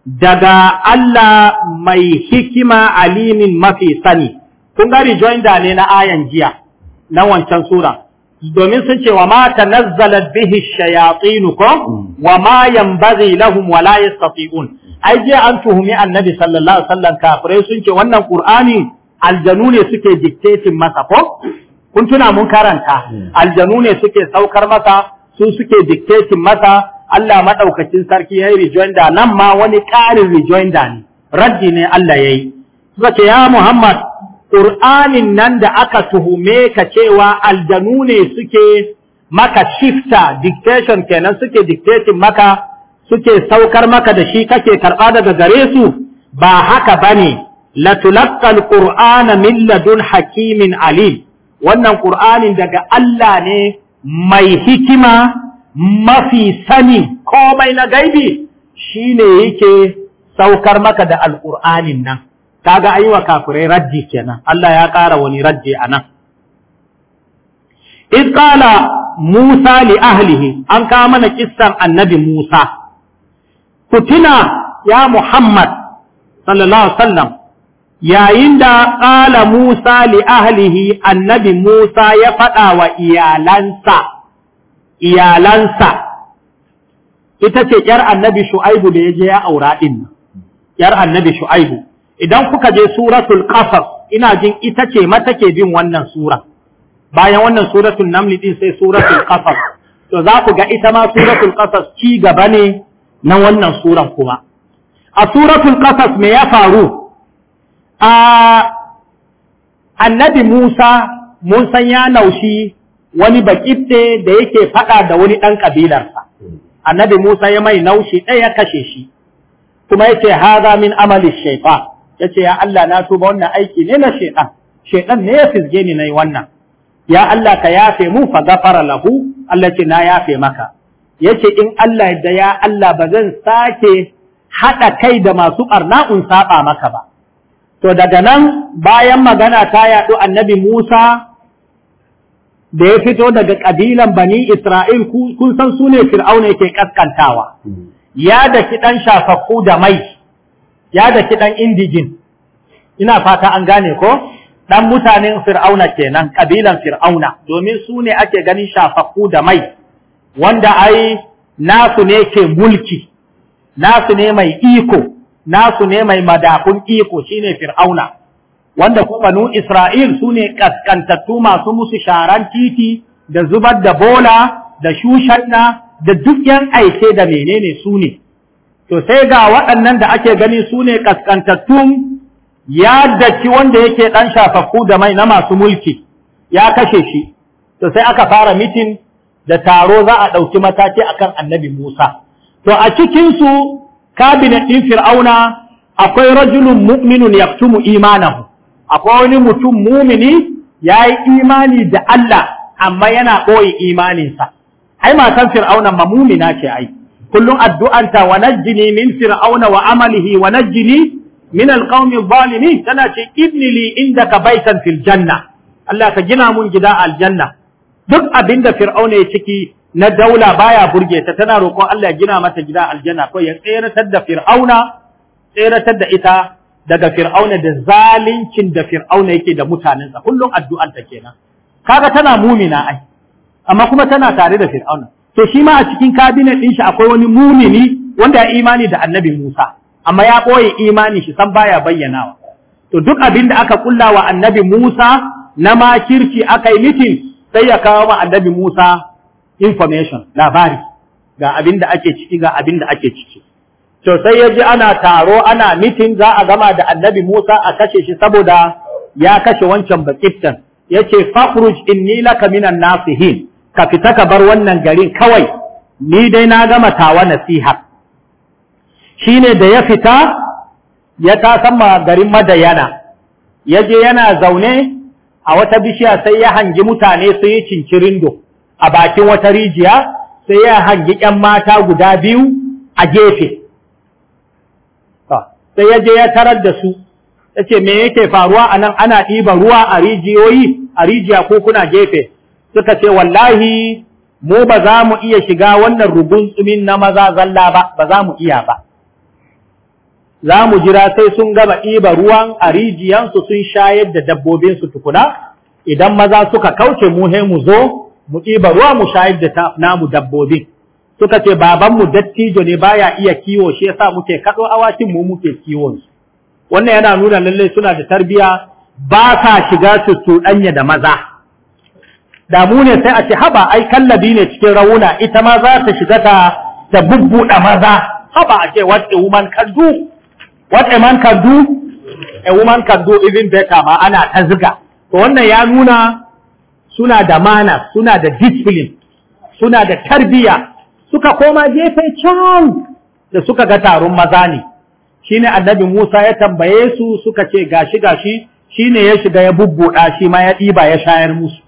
daga Allah mai hikima alimin mafi sani kun ga da ne na ayan jiya na wancan sura domin sun ce wa ma tanazzalat bihi shayatin ko mm. wa ma yanbaghi lahum wa la yastati'un ai je an tuhumi annabi sallallahu alaihi wasallam kafirai sun ce wannan qur'ani aljanu ne suke dictating masa ko kun tuna mun karanta aljanu ne suke saukar masa su suke dictating masa Allah madaukakin sarki yayi rejoinder nan ma wani ƙarin rejoinder ne raddi ne Allah yayi suka ce ya Muhammad qur'anin nan da aka tuhume ka cewa aljanu ne suke maka shifta dictation kenan suke dictating maka suke saukar maka da shi kake karɓa daga gare su ba haka ba bane latulakkal qur'ana min milladun hakimin alim wannan ƙur'anin daga Allah ne mai hikima mafi sani komai na gaibi Shi ne yake saukar maka da al’ur'anin nan Ta ayi aiwa kafirai raddi kenan Allah ya ƙara wani raddi a nan. qala Musa li ahlihi an kama mana kistan annabi Musa ku tuna ya Muhammad sallallahu alaihi wasallam yayin da ƙala Musa li ahlihi annabi Musa ya faɗa wa iyalansa, iyalansa, ita ce ‘yar annabi Shu'aibu da ya je ya aura ɗin, ‘yar annabi Shu'aibu, idan kuka je suratul ƙasas, ina jin ita ce mata ke bin wannan sura, bayan wannan suratul namli ɗin sai suratul ƙasar to za ku ga ita ma suratul ƙasas ci gaba ne na wannan suran kuma a suratun qasas me ya faru a annabi Musa mun san ya naushi wani bakifte da yake fada da wani dan kabilarsa annabi Musa ya mai naushi ɗaya ya kashe shi kuma yace haza min amali ya yace ya Allah na tuba wannan aiki ne na shaytan shaytan ne ya fisge ni nayi wannan ya Allah ka yafe mu fa gafara lahu Allah ce na yafe maka yace in Allah da ya Allah ba zan sake haɗa kai da masu ɓarna in saɓa maka ba. To daga nan bayan magana ta yaɗu annabi Musa da ya fito daga ƙabilan Bani Isra'il kun san su ne Fir'auna yake ƙaskantawa, ya da kiɗan shafakku da mai, ya da kiɗan indijin, ina fata an gane ko? Ɗan mutanen Fir'auna kenan, ƙabilan Fir'auna, domin su ne ake ganin shafakku da mai. wanda ai nasu ne ke mulki nasu ne mai iko nasu ne mai madafun iko shine fir'auna wanda ko banu isra'il su ne kaskantattu masu musu sharan titi da zubar da bola da shushanna da duk yan aike da menene su ne to sai ga waɗannan da ake gani su ne kaskantattun ya daki wanda yake ɗan shafaffu da mai na masu mulki ya kashe shi to sai aka fara mitin da taro za a ɗauki mataki a kan annabi Musa. To a cikinsu kabinet ɗin Fir'auna akwai rajulun mu'minun yaktumu imanahu, akwai wani mutum mumini ya yi imani da Allah amma yana ɓoye imaninsa. Ai matan Fir'auna ma mumina ce ai, kullum addu'anta wa najjini min Fir'auna wa amalihi wa najjini min alƙaumin zalimi tana ce Ibnili, inda ka baitan fil janna. Allah ka gina mun gida aljanna. duk abin da fir'auna ya ciki na daula baya burge ta tana roƙon Allah ya gina mata gida aljanna ko ya tseratar da fir'auna tseratar da ita daga fir'auna da zalincin da fir'auna yake da mutanensa kullum addu'ar ta kenan kaga tana mumina ai amma kuma tana tare da fir'auna to shi ma a cikin kabinet din shi akwai wani mumini wanda ya imani da annabi Musa amma ya ɓoye imani shi san baya bayyanawa to duk abin da aka kulla wa annabi Musa na makirci aka yi mitin sai ya kawo ma annabi Musa information labari ga abin da ake ciki ga abin da ake ciki to sai ya ji ana taro ana meeting za a gama da annabi Musa a kashe shi saboda ya kashe wancan bakittan yace fakhruj inni laka minan nasihin ka fita ka bar wannan garin kawai ni dai na gama tawa nasiha shine da ya fita ya tasamma garin madayana yaje yana zaune a wata bishiya sai ya hangi mutane su yi do a bakin wata rijiya sai ya hangi ƴan mata guda biyu a gefe sai ya je ya tarar da su ya ce me yake faruwa a nan ana ɗiba ruwa a rijiyoyi a rijiya ko kuna gefe suka ce wallahi mu ba za mu iya shiga wannan rugun tsumin na maza zalla ba ba za mu iya ba za mu jira sai sun gaba ɗiba ruwan a rijiyansu sun shayar da dabbobinsu tukuna idan maza suka kauce mu mu zo mu ɗiba ruwa mu shayar da namu dabbobin suka ce babanmu dattijo ne baya iya kiwo shi yasa muke kaɗo awakin mu muke kiwon su wannan yana nuna lallai suna da tarbiyya ba sa shiga su tuɗanya da maza Damu ne sai a ce haba ai kallabi ne cikin rauna ita ma za ta shiga ta ta bubbuɗa maza haba a ce what a woman can what a man can do a woman can do even better ma ana ta ziga to wannan ya nuna suna da mana suna da discipline suna da tarbiya suka koma gefe can da suka ga taron maza ne shine annabi Musa ya tambaye su suka ce gashi gashi shine ya shiga ya bubbuɗa shi ma ya ɗiba ya shayar musu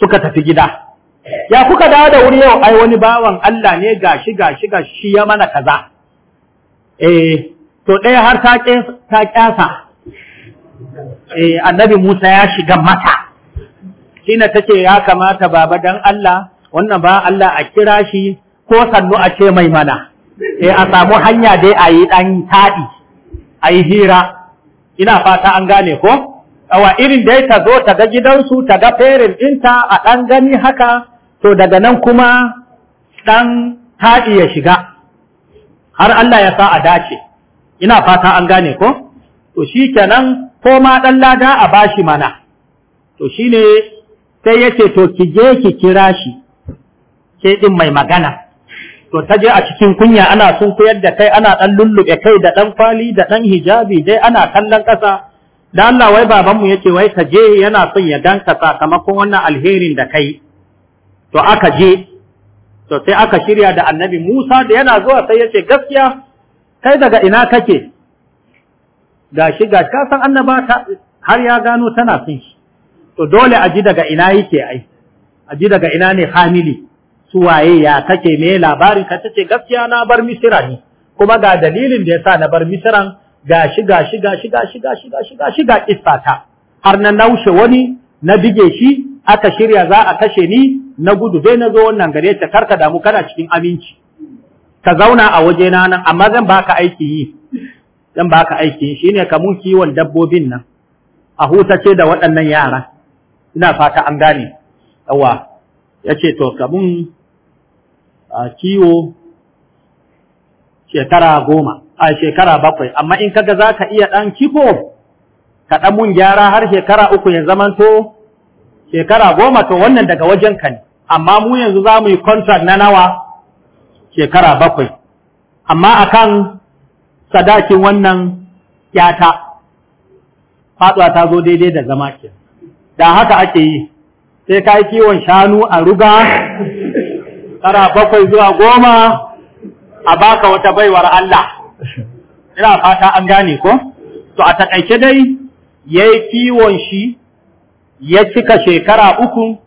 suka tafi gida ya kuka dawo da wuri yau ai wani bawan Allah ne gashi gashi gashi ya mana kaza eh to ɗaya har ta ƙyasa eh, annabi Musa ya shiga mata ta take ya kamata baba dan Allah wannan ba Allah a kira shi ko sannu a ce mai mana eh a samu hanya dai a yi ɗan taɗi a yi hira ina fata an gane ko awa irin dai ta zo ta ga gidansu ta ga ferin ɗinta a ɗan gani haka to daga nan kuma ɗan taɗi ya shiga har Allah ya sa a dace ina fata an gane ko to shi kenan ko ma dan lada a bashi mana to shine sai yace to ki je ki kira shi ke ɗin mai magana to ta je a cikin kunya ana sun koyar da kai ana ɗan lullube kai da ɗan kwali da ɗan hijabi dai ana kallon ƙasa. da Allah wai babanmu yace wai ka je yana son ya ganka sakamakon wannan alherin da kai to aka je to sai aka shirya da annabi Musa da yana zuwa sai yace gaskiya kai daga ina kake gashi gashi ka san annaba ta har ya gano tana sun shi to dole a ji daga ina yake ai a ji daga ina ne family su waye ya kake me labarin ka tace gaskiya na bar misira ne kuma ga dalilin da yasa na bar misiran gashi gashi gashi gashi gashi gashi gashi ga kissa ta har na naushe wani na bige shi aka shirya za a kashe ni na gudu zai na zo wannan gare ta karka damu kana cikin aminci ka zauna a waje na nan amma zan baka aiki yi zan baka aiki yi shine ka mun kiwon dabbobin nan a hutace da waɗannan yara ina fata an gane yawa yace to ka mun kiwo shekara goma a shekara bakwai amma in kaga za ka iya ɗan kifo ka ɗan mun gyara har shekara uku ya zamanto shekara goma to wannan daga wajen ka ne amma mu yanzu za mu yi contract na nawa shekara bakwai amma a kan sadakin wannan yata faɗuwa ta zo daidai da zama ke da haka ake yi sai ka yi kiwon shanu a ruga tara bakwai zuwa goma a baka wata baiwar Allah ina fata an gane ko to a takaice dai ya yi kiwon shi ya cika shekara uku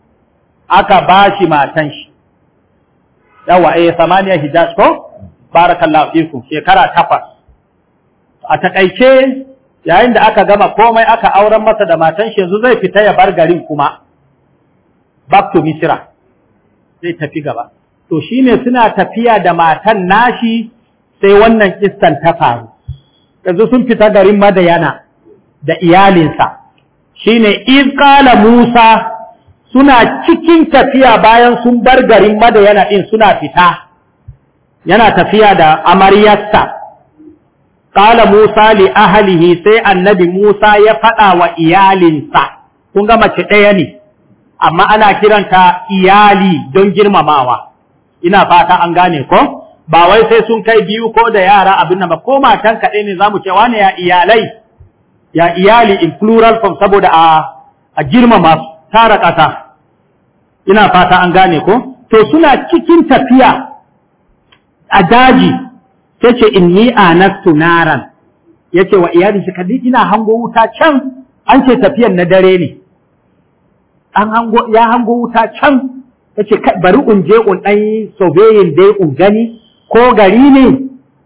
aka ba shi matan shi yawa yi eh, samaniya hijaz ko barakallahu fikum shekara takwas a takaice yayin da aka gama komai aka auren masa da matan shi zai fita ya bar garin kuma back to misira zai tafi gaba to shine suna tafiya da matan nashi sai wannan kistan ta faru yanzu sun fita garin madayana da iyalinsa shine iz musa suna cikin tafiya bayan sun bar garin madayana ɗin suna fita yana tafiya da amaryarsa ƙala musa li ahalihi sai annabi musa ya faɗa wa iyalinsa kun ga mace ɗaya ne amma ana kiranta iyali don girmamawa ina fata an gane ko ba wai sai sun kai biyu ko da yara abin nan ba ko matan kaɗai ne za mu ce wani ya iyalai ya iyali in plural form saboda a a girmama su tara ƙasa ina fata an gane ko to suna cikin tafiya a daji ta ce a anastu naran yace wa iyali shi kadi ina hango wuta can an ce tafiyan na dare ne an hango ya hango wuta can yace bari in je un ɗan sobeyin dai un gani ko gari ne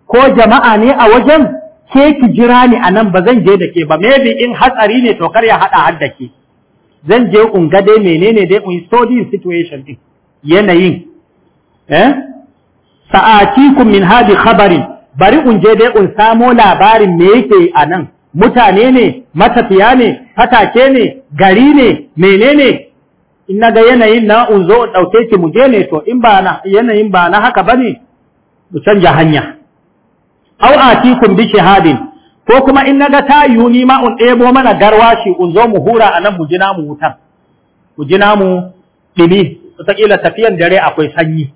ko jama'a ne a wajen ke ki jira ni anan ba zan je da ke ba maybe in hatsari ne to kar ya haɗa har da ke zan je in ga dai menene dai in study situation din yanayin eh sa'atikum min hadi khabarin bari in je dai in samo labarin me yake a nan mutane ne matafiya ne fatake ne gari ne menene in naga yanayin na in zo dauke ki mu je ne to in ba na yanayin ba na haka bane mu canja hanya aw atikum bi shahadin ko kuma in naga ta yiwu ni ma in ɗebo mana garwashi in zo mu hura a nan mu ji namu wutan mu ji namu ɗimi wataƙila tafiyan dare akwai sanyi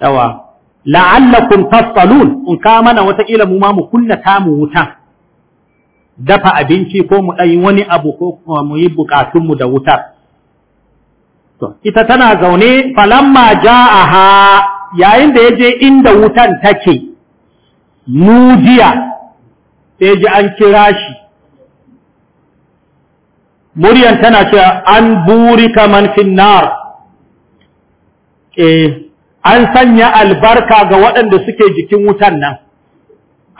yawa la'allakum tafsalun in ka mana wataƙila mu ma mu kunna ta mu wutan dafa abinci ko mu ɗan wani abu ko mu yi mu da wuta to ita tana zaune falamma ja'aha yayin da ya je inda wutan take nujiya sai ji an kira shi muryan tana cewa an burika man finnar eh an sanya albarka ga waɗanda suke jikin wutan nan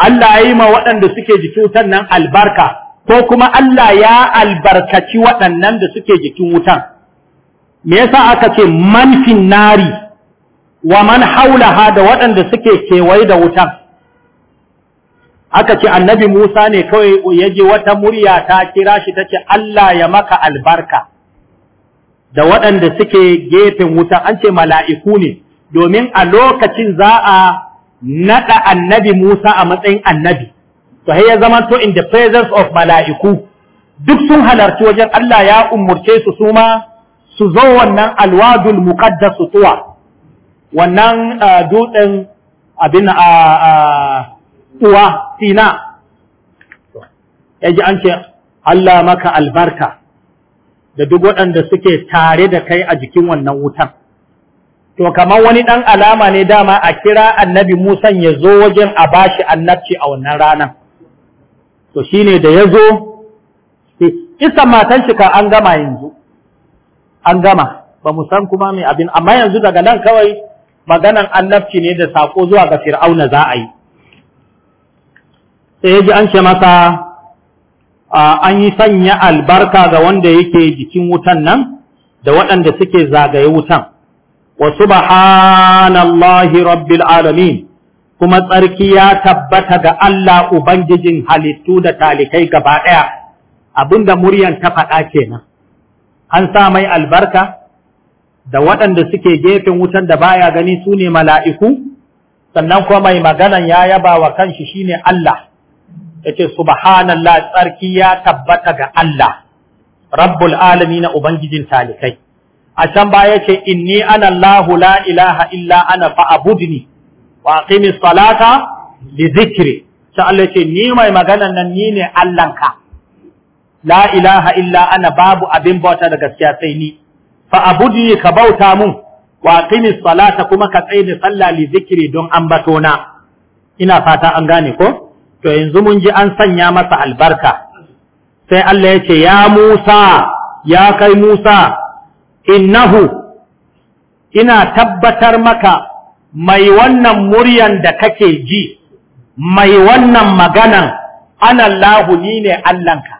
Allah ya yi ma waɗanda suke jikin wutan nan albarka ko kuma Allah ya albarkaci waɗannan da suke jikin wutan me yasa aka ce man finnari wa man haulaha da waɗanda suke kewaye da wutan aka ce annabi Musa ne kawai ya je wata murya ta kira shi ta ce Allah ya maka albarka da waɗanda suke gefen wuta an ce mala'iku ne domin a lokacin za a naɗa annabi Musa a matsayin annabi to ya zama to in the presence of mala'iku duk sun halarci wajen Allah ya umurce su suma su zo wannan alwadul muqaddas tuwa wannan ah, dutsen abin a ah, ah, uwa, sina ya ji an ce Allah maka albarka da duk waɗanda suke tare da kai a jikin wannan wutan. To, kamar wani ɗan alama ne dama a kira annabi Musan ya zo wajen a bashi annabci a wannan ranar. To, shi ne da ya zo, isa matan shi ka an gama yanzu, an gama, ba mu san kuma mai abin, amma yanzu daga nan kawai maganan annabci ne da sako zuwa ga fir'auna za a yi. sai ya ji an ce masa an yi sanya albarka ga wanda yake jikin wutan nan da waɗanda suke zagaye wutan wa subhanallahi rabbil alamin kuma tsarki ya tabbata ga Allah ubangijin halittu da talikai gaba ɗaya abinda muryan ta faɗa kenan an sa mai albarka da waɗanda suke gefen wutan da baya gani su ne mala'iku sannan kuma mai maganan ya yaba wa kanshi shine Allah yace subhanallah tsarki ya tabbata ga Allah rabbul na ubangijin talikai a can baya yace inni ana Lahu, la ilaha illa ana fa'budni wa aqimi salata li zikri sai Allah yace ni mai magana nan ni ne Allahnka la ilaha illa ana babu abin bauta da gaskiya sai ni fa'budni ka bauta mun wa aqimi salata kuma ka tsaye da sallah li zikri don ambato na ina fata an gane ko to yanzu mun ji an sanya masa albarka sai Allah ya ya Musa ya kai Musa innahu ina tabbatar maka mai wannan muryan da kake ji mai wannan maganan anallahu ni ne Allahnka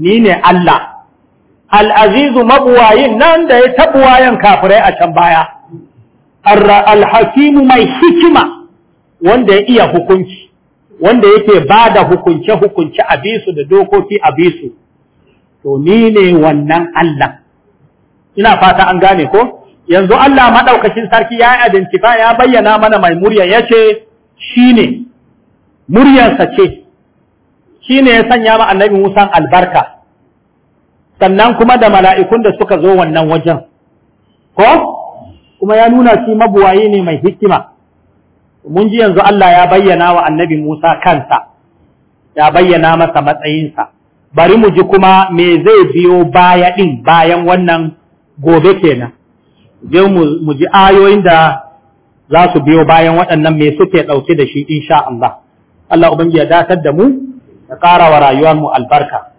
ni ne Allah al'azizu mabuwayin nan da ya tabuwayen kafirai a can baya alhasimu mai hikima wanda ya iya hukunci wanda yake ba da hukunce-hukunce a bisu da dokoki a bisu, to ni ne wannan Allah. Ina fata an gane ko? Yanzu Allah maɗaukacin sarki ya identifa ya bayyana mana mai murya ya ce shi ne, muryarsa ce, shi ne ya sanya ma annabi Musan albarka, sannan kuma da mala'ikun da suka zo wannan wajen. Ko? Kuma ya nuna shi mabuwaye ne mai hikima. mun ji yanzu Allah ya bayyana wa annabi Musa kansa ya bayyana masa matsayinsa bari mu ji kuma me zai biyo baya ɗin bayan wannan gobe kenan je mu ji ayoyin da za su biyo bayan waɗannan me suke ɗauke da shi insha Allah Allah ubangi ya datar da mu ya ƙara wa rayuwar mu albarka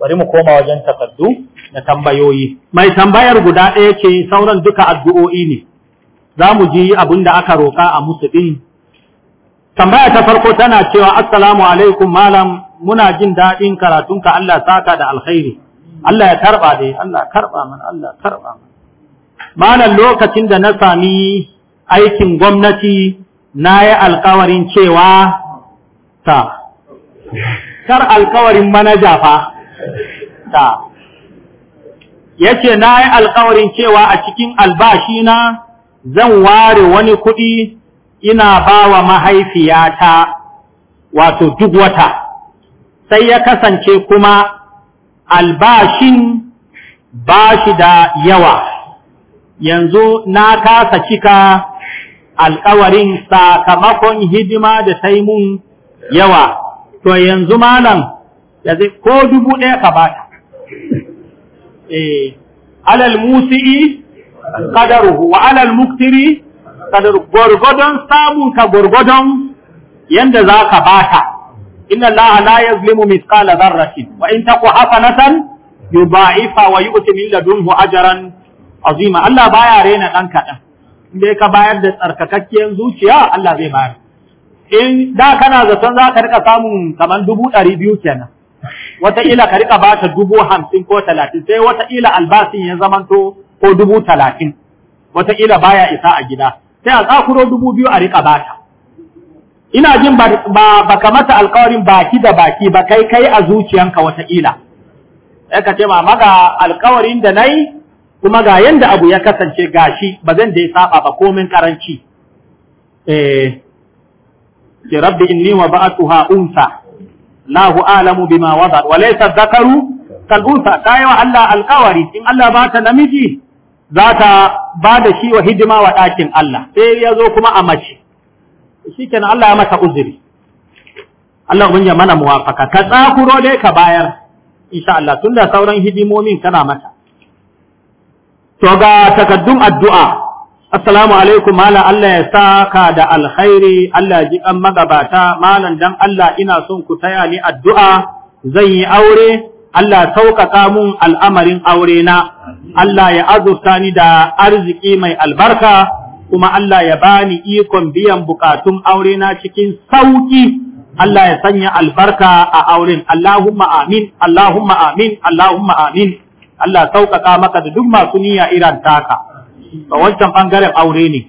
bari mu koma wajen takardu na tambayoyi mai tambayar guda ɗaya ce sauran duka addu'o'i ne za mu ji abin da aka roƙa a musu ɗin. Tambaya ta farko tana cewa Assalamu alaikum malam muna jin daɗin karatunka Allah saka da alkhairi. Allah ya karɓa dai, Allah karɓa mana, Allah karɓa mana. Malam lokacin da na sami aikin gwamnati na yi alkawarin cewa ta, kar alkawarin manaja fa ta. Yace na yi alkawarin cewa a cikin albashina zan ware wani kuɗi ina ba wa mahaifiyata wato duk wata sai ya kasance kuma albashin ba shi da yawa yanzu na kasa cika alkawarin sakamakon hidima da taimun yawa to yanzu malam ya ko dubu ɗaya ka Eh, alal musi'i qadaruhu wa alal muktiri qadaru gurgudon samun ka gurgudon yanda zaka bata inna allaha la yazlimu mithqala dharratin wa in taqu hasanatan yudha'ifa wa yu'ti min ladunhu ajran azima Allah baya rena dan kadan inda ka bayar da tsarkakakken zuciya Allah zai bayar in da kana zaton za ka rika samun kaman dubu ɗari biyu kenan wata ila ka rika ba ta dubu hamsin ko talatin sai wata ila albasin ya zamanto ko dubu talatin wataƙila baya isa a gida sai a tsakuro dubu biyu a riƙa bata ina jin ba ka mata alƙawarin baki da baki ba kai kai a zuciyanka wataƙila sai ka ce ma maga alƙawarin da na yi, kuma ga yadda abu ya kasance gashi ba zan dai saba ba komin karanci eh ce rabbi inni wa ba'atuha unsa a'lamu bima wa laysa dhakaru kal unsa kai wa Allah alqawari in Allah ba ta namiji za ta ba da shi wa hidima wa ɗakin Allah sai ya zo kuma a mace shi kenan Allah ya mata uzuri Allah ubangiji mana muwafaka ka tsakuro ne ka bayar insha Allah Tun da sauran hidimomin kana mata to ga takaddun addu'a assalamu alaikum mala Allah ya sa ka da alkhairi Allah ji an magabata malan dan Allah ina son ku taya ni addu'a zan yi aure Allah sauƙaƙa mun al'amarin aurena. Allah ya azurta ni da arziki mai albarka, kuma Allah ya bani ikon biyan bukatun aurena cikin sauƙi, Allah ya sanya albarka a auren, Allahumma amin, Allahumma amin, Allahumma amin, Allah sauƙaƙa maka da duk masu niyya iran taka, a wancan ɓangaren aure ne.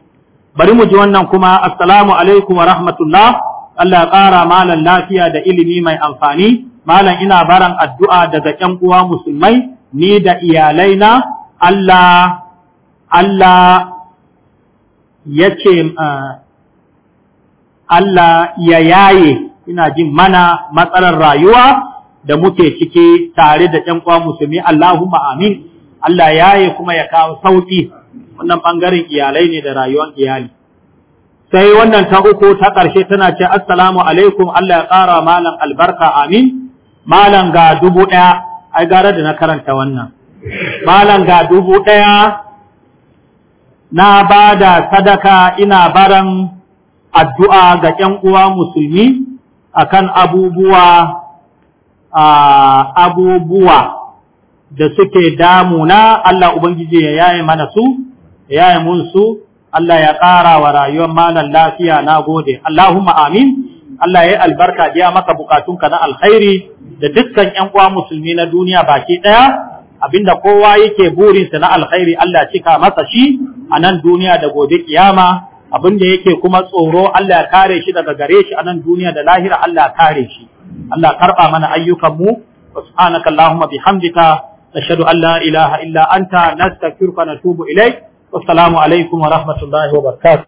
Bari mu ji wannan kuma, Assalamu alaikum wa rahmatullah, Allah ya ƙara malan lafiya da ilimi mai amfani. malam ina baran addu'a daga ƴan uwa musulmai ni da iyalaina Allah Allah ya eh, Allah ya yaye ina jin mana matsalar rayuwa da muke ciki tare da ƴan uwa musulmi Allahumma amin Allah yaye kuma ya kawo sauki wannan bangaren iyalai ne da rayuwar iyali sai wannan ta uku ta ƙarshe tana ce assalamu alaikum Allah ya ƙara malam albarka amin malam ga dubu ɗaya ai gara da na karanta wannan malam ga dubu ɗaya na bada sadaka ina baran addu'a ga ‘yan uwa musulmi akan abubuwa abubuwa da suke damuna Allah Ubangiji ya yaye mana su, ya yaye mun su, Allah ya ƙara wa rayuwar malam lafiya na gode, Allahumma amin. Allah ya yi albarka biya maka bukatunka na alkhairi da dukkan 'yan uwa musulmi na duniya baki ɗaya abinda kowa yake burinsa na alkhairi Allah cika masa shi a nan duniya da gobe kiyama abinda yake kuma tsoro Allah ya kare shi daga gare shi a nan duniya da lahira Allah ya kare shi Allah karba mana ayyukan mu wa subhanaka allahumma bihamdika nashhadu an la ilaha illa anta nastaghfiruka wa natubu ilaik wassalamu alaikum wa rahmatullahi wa barakatuh